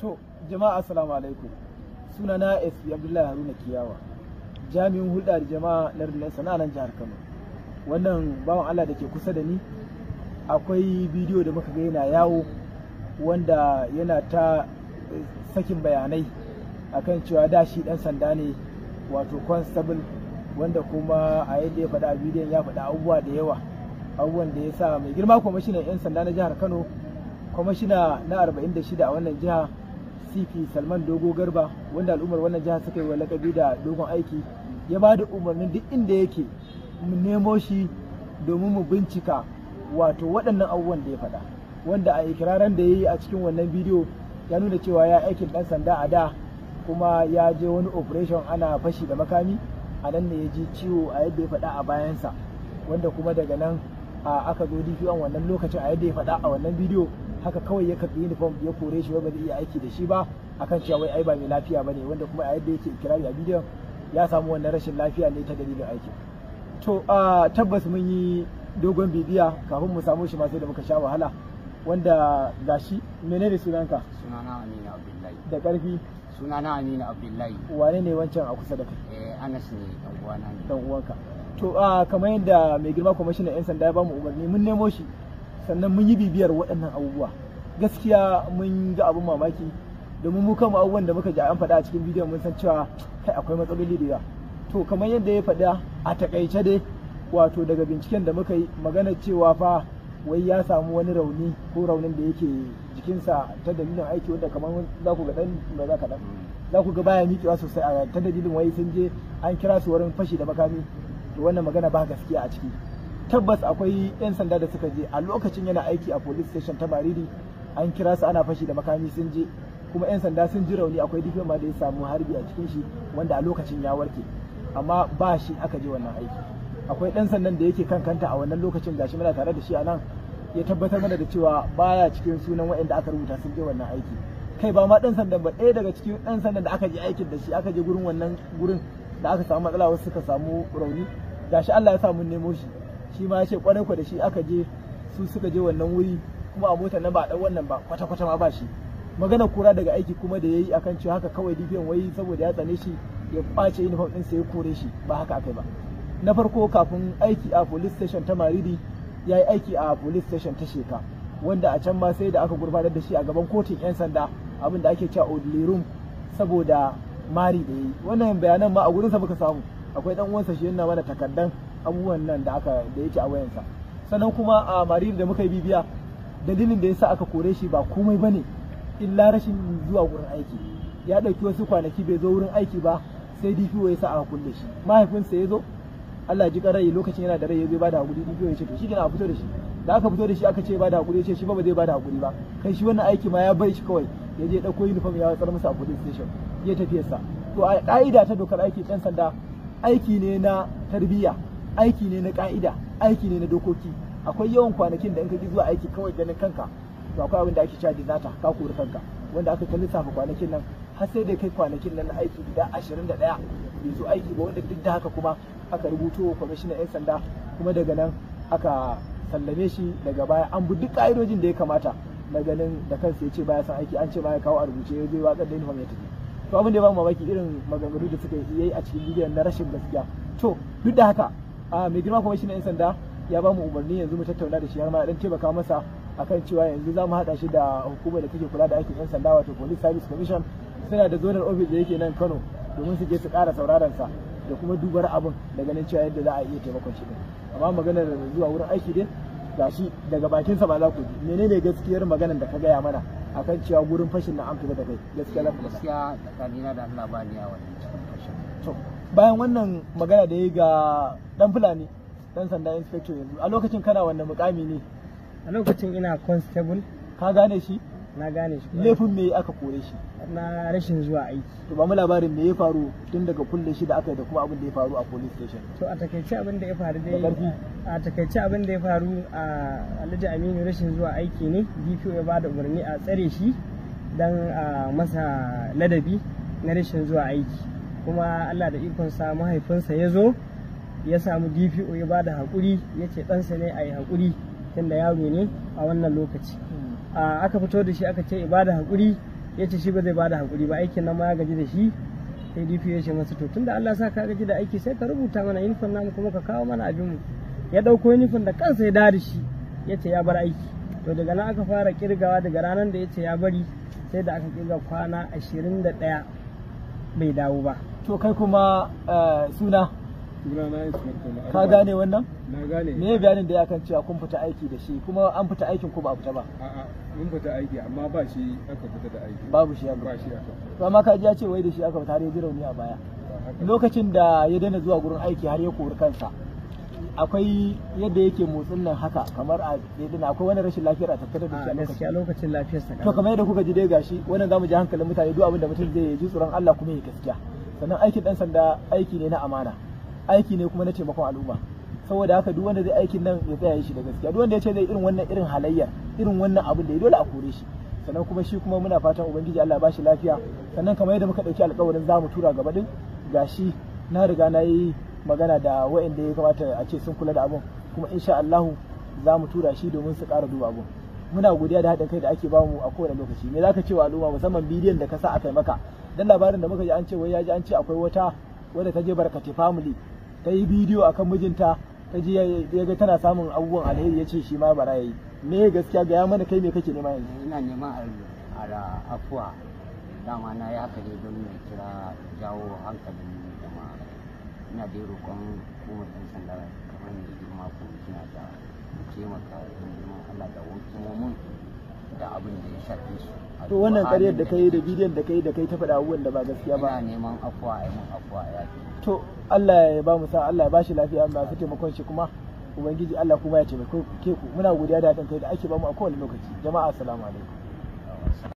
To, jama'a assalamu alaikum. na S. Abdullahi Haruna Kiyawa, jami'in hulɗa da jama'a na rundunar sana'ar jihar Kano. Wannan bawan Allah da ke kusa da ni, akwai bidiyo da muka ga yana yawo wanda yana ta sakin bayanai akan cewa da shi ɗan sanda ne wato constable wanda kuma a yadda ya faɗa a bidiyon ya faɗa abubuwa da yawa abubuwan da ya sa mai girma kwamishinan 'yan sanda na jihar kano kwamishina na 46 a wannan jiha dcp salman dogo garba wanda al'ummar wannan jihar suka yi wa lakabi da dogon aiki ya ba da umarnin duk inda yake mu nemo shi domin mu bincika wato waɗannan abubuwan da ya faɗa wanda a ikiraran da ya yi a cikin wannan bidiyo ya nuna cewa ya aikin ɗan sanda a da kuma ya je wani operation ana fashi da makami a nan ne ya ji ciwo a yadda ya faɗa a bayansa wanda kuma daga nan aka zo dpo wannan lokacin a yadda ya faɗa a wannan bidiyo haka kawai ya karbi uniform ya kore shi wai ba zai iya aiki da shi ba akan cewa wai ai ba mai lafiya bane wanda kuma a yadda yake ikirari a bidiyon ya samu wannan rashin lafiya ne ta dalilin aiki to a tabbas mun yi dogon bibiya kafin mu samu shi ma sai da muka sha wahala wanda gashi menene sunanka sunana amina Abdullahi da karfi sunana amina Abdullahi wane ne wancan a kusa da kai eh Anas ne dan uwana ne dan uwanka to a kamar yadda mai girma kwamishinan 'yan sanda ya bamu umarni mun nemo shi sannan mun yi bibiyar waɗannan abubuwa gaskiya mun ga abin mamaki domin mu kama abubuwan da muka ji an faɗa a cikin bidiyon mun san cewa kai akwai matsaloli da yawa to kamar yadda ya faɗa a takaice dai wato daga binciken da muka yi magana cewa fa wai ya samu wani rauni ko raunin da yake jikinsa ta dalilin aiki wanda kamar za ku ga ɗan ba za ka ɗan za ku ga baya miƙewa sosai a ta dalilin wai sun je an kira su wurin fashi da makami to wannan magana ba gaskiya a ciki tabbas akwai 'yan sanda da suka je a lokacin yana aiki a police station ta bariri an kira su ana fashi da makami sun je kuma 'yan sanda sun ji rauni akwai dukkan ma da ya samu harbi a cikin shi wanda a lokacin ya warke amma ba shi aka je wannan aiki akwai ɗan sandan da yake kan kanta a wannan lokacin gashi muna tare da shi a nan ya tabbatar mana da cewa baya cikin sunan waɗanda aka rubuta sun je wannan aiki kai ba ma ɗan sandan ba ɗaya daga cikin ɗan sandan da aka je aikin da shi aka je gurin wannan gurin da aka samu matsala wasu suka samu rauni gashi Allah ya sa mun nemo shi shi ma ya ce kwarai kwa da shi aka je su suka je wannan wuri kuma a mota na ba dan wannan ba kwata kwata ma ba shi magana kura daga aiki kuma da yayi akan cewa haka kawai dibiyan wai saboda ya tsane shi ya kwace uniform din sai ya kore shi ba haka akai ba na farko kafin aiki a police station ta Maridi ya yi aiki a police station ta Sheka wanda a can ma sai da aka gurfanar da shi a gaban kotun 'yan sanda abin da ake cewa Odile Room saboda mari da yi wannan bayanan ma a sa muka samu akwai dan uwansa shi yana mana takardan abubuwan nan da aka da yake a wayansa sannan kuma a marir da muka yi bibiya dalilin da yasa aka kore shi ba komai bane illa rashin zuwa wurin aiki ya ɗauki wasu kwanaki bai zo wurin aiki ba sai DPO ya sa aka kulle shi mahaifinsa ya zo Allah ji karai lokacin yana da rai ya zai bada hakuri DPO ya ce to shi kina a fito da shi da aka fito da shi aka ce bada hakuri ya ce shi ba ba zai bada hakuri ba kai shi wannan aiki ma ya bai shi kawai ya je ɗauko uniform ya watsar masa a police station ya sa. to a ka'ida ta dokar aiki dan sanda aiki ne na tarbiyya aiki ne na ka'ida aiki ne na dokoki akwai yawan kwanakin da in ka zuwa aiki kawai ganin kanka to akwai abin da ake cewa dinata ka kori kanka wanda aka kalli safa kwanakin nan har sai da kai kwanakin nan na aiki guda 21 bai zo aiki ba wanda duk da haka kuma aka rubuto wa kwamishinan 'yan sanda kuma daga nan aka sallame shi daga baya an bi duk ka'idojin da ya kamata na ganin da kansa ya ce baya san aiki an ce baya kawo a rubuce ya zai watsar da uniform ya tafi to abin da ya ba mamaki irin maganganu da suka yi a cikin bidiyon na rashin gaskiya to duk da haka a mai girma kwamishinan 'yan sanda ya ba mu umarni yanzu mu tattauna da shi har ma dan taimaka masa akan cewa yanzu za mu haɗa shi da hukumar da take kula da aikin 'yan sanda wato police service commission suna da zonar ofis da yake nan kano domin su je su ƙara sauraron sa da kuma dubar abin da ganin cewa yadda za a iya taimakon shi amma maganar zuwa wurin aiki dai gashi daga bakin sa ba za ku ji menene gaskiyar maganar da ka gaya mana akan cewa gurin fashin na an da kai gaskiya za ku gaskiya tsakanina da Allah ba ni a wannan fashin to bayan wannan magana da ya ga dan fulani dan sanda inspector yanzu a lokacin kana wanda mukami ne a lokacin ina constable ka gane shi na gane shi laifin me aka kore shi na rashin zuwa aiki to ba mu labarin me ya faru tun daga kulle shi da aka yi da kuma abin da ya faru a police station to a takaice abin da ya faru dai a takaice abin da ya faru a Alhaji Aminu rashin zuwa aiki ne DPO ya bada umarni a tsare shi dan a masa ladabi na rashin zuwa aiki kuma Allah da ikonsa mahaifinsa ya zo ya samu dpo ya ba da haƙuri ya ce ɗansa ne a yi haƙuri da yaro ne a wannan lokaci hmm. aka fito da shi aka ce ya ba da haƙuri ya ce shi ba zai ba da haƙuri ba aikin nan ma ya gaji da shi sai dpo ya ce masa to da allah sa ka gaji da aiki sai ka rubuta mana uniform namu kuma ka kawo mana abin mu ya ɗauko uniform da kansa ya dada shi ya ce ya bar aiki to daga nan aka fara kirgawa daga ranar da ya ce ya bari sai da aka kirga kwana ashirin da ɗaya bai dawo ba to kai kuma eh, suna ka gane wannan na gane me bayanin da ya kan cewa kun fita aiki da shi kuma an fita aikin ko ba a fita ba a'a mun fita aiki amma ba shi aka fita da aiki babu shi aka ba shi aka amma ka ji ya ce wai da shi aka fita har ya ji rauni a baya lokacin da ya daina zuwa gurin aiki har ya kori kansa akwai yadda yake motsin nan haka kamar a daidai akwai wani rashin lafiyar a tattare da shi a lokacin lafiyar sa to kamar yadda kuka ji dai gashi wannan zamu ji hankalin mutane duk abin da mutum zai ji tsoron Allah kuma ya gaskiya sannan aikin dan sanda aiki ne na amana aiki ne kuma na taimakon al'umma saboda haka duk wanda zai aikin nan ya tsaya shi da gaskiya duk wanda ya ce zai irin wannan irin halayyar irin wannan abin da ya dole a kore shi sannan kuma shi kuma muna fatan ubangiji Allah ba shi lafiya sannan kamar yadda muka dauki alƙawarin za mu tura gaba din gashi na riga na yi magana da waɗanda ya kamata a ce sun kula da abun kuma insha Allahu za mu tura shi domin su ƙara duba abun muna godiya da haɗin kai da ake bamu a kowane lokaci me zaka ce wa al'umma musamman bidiyon da ka sa a yi maka dan labarin da muka ji an ce wai ya ji an ce akwai wata wadda ta je barkati family ta yi bidiyo akan mijinta ta ji ya ga tana samun abubuwan alheri ya ce shi ma bara yi me gaskiya ga mana kai me kake nema yanzu ina neman a afuwa dama na yi haka ne don ya kira jawo hankalin jama'a ina dai roƙon hukumar ɗan sanda kamar mai girma ko kina da taimaka don neman Allah da hukumomin da abin da ya shafi su to wannan ƙaryar da kai da bidiyon da kai da kai ta faɗa abubuwan da ba gaskiya ba ina neman afuwa ai mun afuwa ya to Allah ya ba mu sa Allah ya bashi lafiya Allah su taimakon shi kuma ubangiji Allah kuma ya ke ku muna godiya da haɗin kai da ake ba mu a kowane lokaci jama'a assalamu alaikum